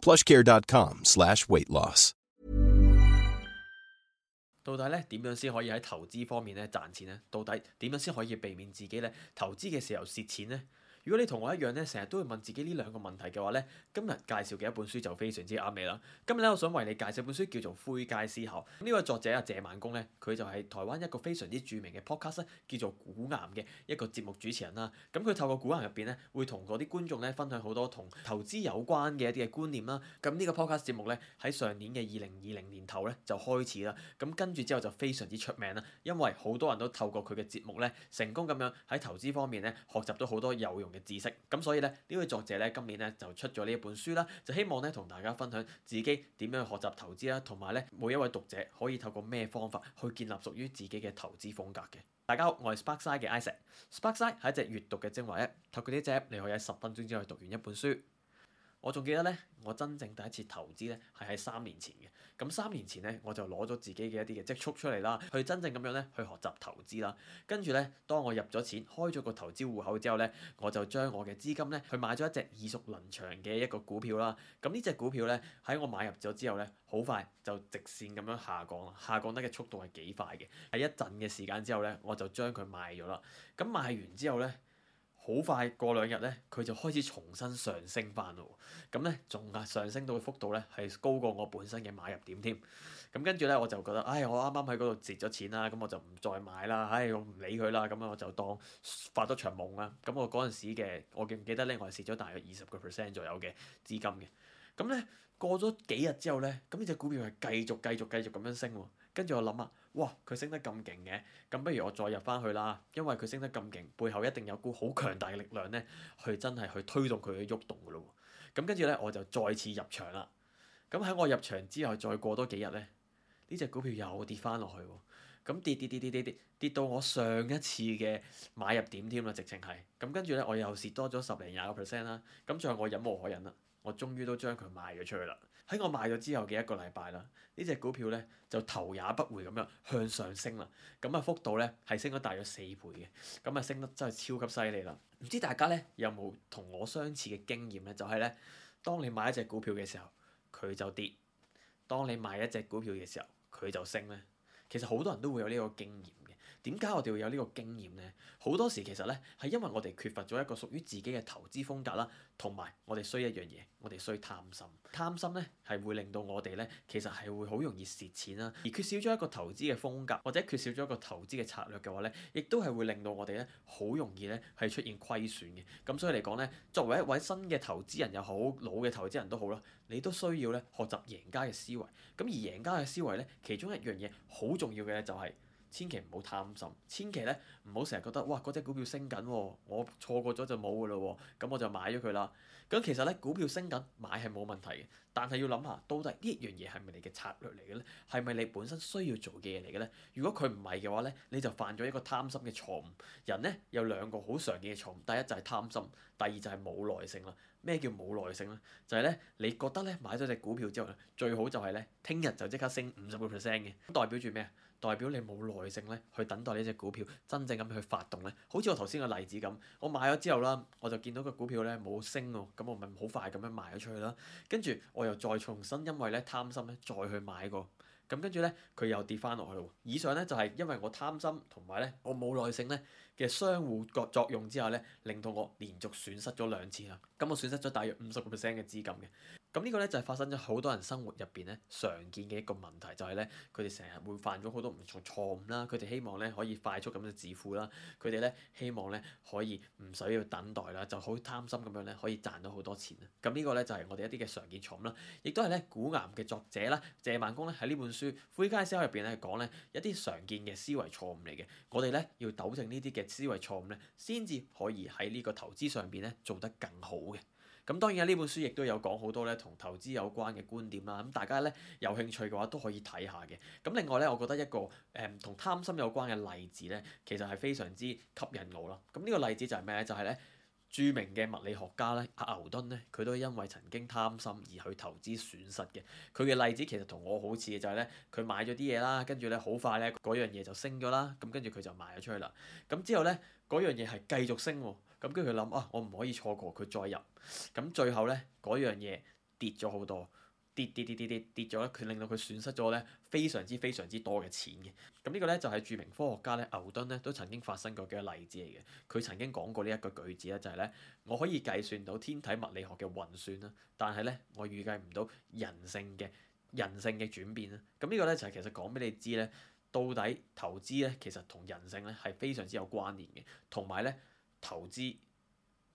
Plushcare.com/Weight Loss。到底咧點樣先可以喺投資方面咧賺錢咧？到底點樣先可以避免自己咧投資嘅時候蝕錢咧？如果你同我一樣咧，成日都會問自己呢兩個問題嘅話咧，今日介紹嘅一本書就非常之啱你啦。今日咧，我想為你介紹本書叫做《灰階思考》。呢位作者啊，謝孟恭咧，佢就係台灣一個非常之著名嘅 podcast 叫做《股癌》嘅一個節目主持人啦。咁佢透過《股癌》入邊咧，會同嗰啲觀眾咧分享好多同投資有關嘅一啲嘅觀念啦。咁、這、呢個 podcast 節目咧，喺上年嘅二零二零年頭咧就開始啦。咁跟住之後就非常之出名啦，因為好多人都透過佢嘅節目咧，成功咁樣喺投資方面咧學習到好多有用嘅知識咁，所以咧，呢位作者咧，今年咧就出咗呢一本書啦，就希望咧同大家分享自己點樣去學習投資啦，同埋咧每一位讀者可以透過咩方法去建立屬於自己嘅投資風格嘅。大家好，我係 Sparkside 嘅 Isaac，Sparkside 係一隻閱讀嘅精華一，透過呢隻你可以喺十分鐘之內讀完一本書。我仲記得咧，我真正第一次投資咧係喺三年前嘅。咁三年前咧，我就攞咗自己嘅一啲嘅積蓄出嚟啦，去真正咁樣咧去學習投資啦。跟住咧，當我入咗錢，開咗個投資戶口之後咧，我就將我嘅資金咧去買咗一隻耳熟能詳嘅一個股票啦。咁呢隻股票咧喺我買入咗之後咧，好快就直線咁樣下降啦，下降得嘅速度係幾快嘅。喺一陣嘅時間之後咧，我就將佢賣咗啦。咁賣完之後咧。好快過兩日咧，佢就開始重新上升翻咯。咁咧，仲係上升到嘅幅度咧，係高過我本身嘅買入點添。咁跟住咧，我就覺得，唉，我啱啱喺嗰度蝕咗錢啦，咁我就唔再買啦，唉，我唔理佢啦，咁我就當發咗場夢啦。咁我嗰陣時嘅，我記唔記得咧？我係蝕咗大約二十個 percent 左右嘅資金嘅。咁咧過咗幾日之後咧，咁呢隻股票係繼續繼續繼續咁樣升，跟住我諗啊～哇，佢升得咁勁嘅，咁不如我再入翻去啦，因為佢升得咁勁，背後一定有股好強大嘅力量咧，去真係去推動佢嘅喐動咯喎。咁跟住咧，我就再次入場啦。咁喺我入場之後，再過多幾日咧，呢隻股票又跌翻落去喎。咁跌跌跌跌跌跌跌到我上一次嘅買入點添啦，直情係咁跟住咧，我又蝕多咗十零廿個 percent 啦。咁最後我忍無可忍啦，我終於都將佢賣咗出去啦。喺我賣咗之後嘅一個禮拜啦，呢隻股票咧就頭也不回咁樣向上升啦。咁啊幅度咧係升咗大約四倍嘅，咁啊升得真係超級犀利啦。唔知大家咧有冇同我相似嘅經驗咧？就係咧，當你買一隻股票嘅時候，佢就跌；當你賣一隻股票嘅時候，佢就升咧。其實好多人都會有呢個經驗。點解我哋會有呢個經驗呢？好多時其實呢，係因為我哋缺乏咗一個屬於自己嘅投資風格啦，同埋我哋需要一樣嘢，我哋需要貪心。貪心呢係會令到我哋呢，其實係會好容易蝕錢啦。而缺少咗一個投資嘅風格，或者缺少咗一個投資嘅策略嘅話呢，亦都係會令到我哋呢，好容易呢係出現虧損嘅。咁所以嚟講呢，作為一位新嘅投資人又好，老嘅投資人都好啦，你都需要呢學習贏家嘅思維。咁而贏家嘅思維呢，其中一樣嘢好重要嘅呢、就係，就係。千祈唔好貪心，千祈咧唔好成日覺得，哇嗰隻股票升緊喎，我錯過咗就冇㗎喇喎，咁我就買咗佢啦。咁其實咧，股票升緊買係冇問題嘅。但係要諗下，到底呢樣嘢係咪你嘅策略嚟嘅咧？係咪你本身需要做嘅嘢嚟嘅咧？如果佢唔係嘅話咧，你就犯咗一個貪心嘅錯誤。人咧有兩個好常見嘅錯誤，第一就係貪心，第二就係冇耐性啦。咩叫冇耐性咧？就係咧，你覺得咧買咗隻股票之後咧，最好就係咧聽日就即刻升五十個 percent 嘅，咁代表住咩啊？代表你冇耐性咧去等待呢隻股票真正咁去發動咧。好似我頭先個例子咁，我買咗之後啦，我就見到個股票咧冇升喎，咁我咪好快咁樣賣咗出去啦，跟住。我又再重新，因為咧貪心咧再去買過，咁跟住咧佢又跌翻落去咯。以上咧就係、是、因為我貪心同埋咧我冇耐性咧嘅相互作用之下咧，令到我連續損失咗兩次喇！咁我損失咗大約五十個 percent 嘅資金嘅。咁呢個咧就係發生咗好多人生活入邊咧常見嘅一個問題，就係咧佢哋成日會犯咗好多唔同錯誤啦，佢哋希望咧可以快速咁就致富啦，佢哋咧希望咧可以唔使要等待啦，就好貪心咁樣咧可以賺到好多錢啦。咁呢個咧就係我哋一啲嘅常見錯誤啦，亦都係咧股癌嘅作者啦謝孟恭咧喺呢本書《灰階思考》入邊咧講咧一啲常見嘅思維錯誤嚟嘅，我哋咧要糾正呢啲嘅思維錯誤咧，先至可以喺呢個投資上邊咧做得更好嘅。咁當然啊，呢本書亦都有講好多咧同投資有關嘅觀點啦。咁大家咧有興趣嘅話都可以睇下嘅。咁另外咧，我覺得一個誒同貪心有關嘅例子咧，其實係非常之吸引我啦。咁呢個例子就係咩咧？就係咧著名嘅物理學家咧阿牛頓咧，佢都因為曾經貪心而去投資損失嘅。佢嘅例子其實同我好似嘅，就係咧佢買咗啲嘢啦，跟住咧好快咧嗰樣嘢就升咗啦。咁跟住佢就賣咗出去啦。咁之後咧嗰樣嘢係繼續升喎。咁跟住佢諗啊，我唔可以錯過，佢再入。咁最後呢，嗰樣嘢跌咗好多，跌跌跌跌跌跌咗，佢令到佢損失咗呢非常之非常之多嘅錢嘅。咁呢個呢，就係著名科學家呢牛頓呢都曾經發生過幾個例子嚟嘅。佢曾經講過呢一個句子呢，就係呢：「我可以計算到天體物理學嘅運算啦，但係呢，我預計唔到人性嘅人性嘅轉變啦。」咁呢個呢，就係其實講俾你知呢，到底投資呢其實同人性呢係非常之有關聯嘅，同埋呢。投資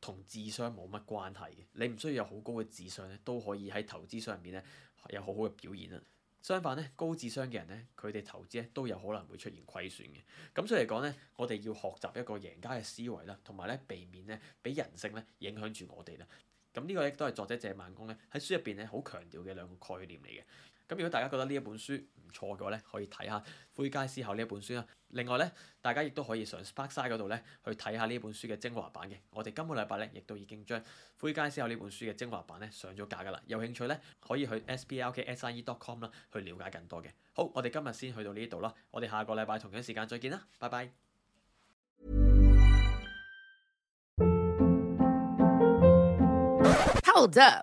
同智商冇乜關係嘅，你唔需要有好高嘅智商咧，都可以喺投資上面咧有好好嘅表現啦。相反咧，高智商嘅人咧，佢哋投資咧都有可能會出現虧損嘅。咁所以嚟講咧，我哋要學習一個贏家嘅思維啦，同埋咧避免咧畀人性咧影響住我哋啦。咁、這、呢個亦都係作者謝孟恭咧喺書入邊咧好強調嘅兩個概念嚟嘅。咁如果大家覺得呢一本書唔錯嘅話咧，可以睇下《灰階思考》呢一本書啦。另外咧，大家亦都可以上 Sparkside 嗰度咧，去睇下呢本書嘅精華版嘅。我哋今個禮拜咧，亦都已經將《灰階思考》呢本書嘅精華版咧上咗架噶啦。有興趣咧，可以去 SPLKSE.com 啦，去了解更多嘅。好，我哋今日先去到呢度啦。我哋下個禮拜同樣時間再見啦。拜拜。Hold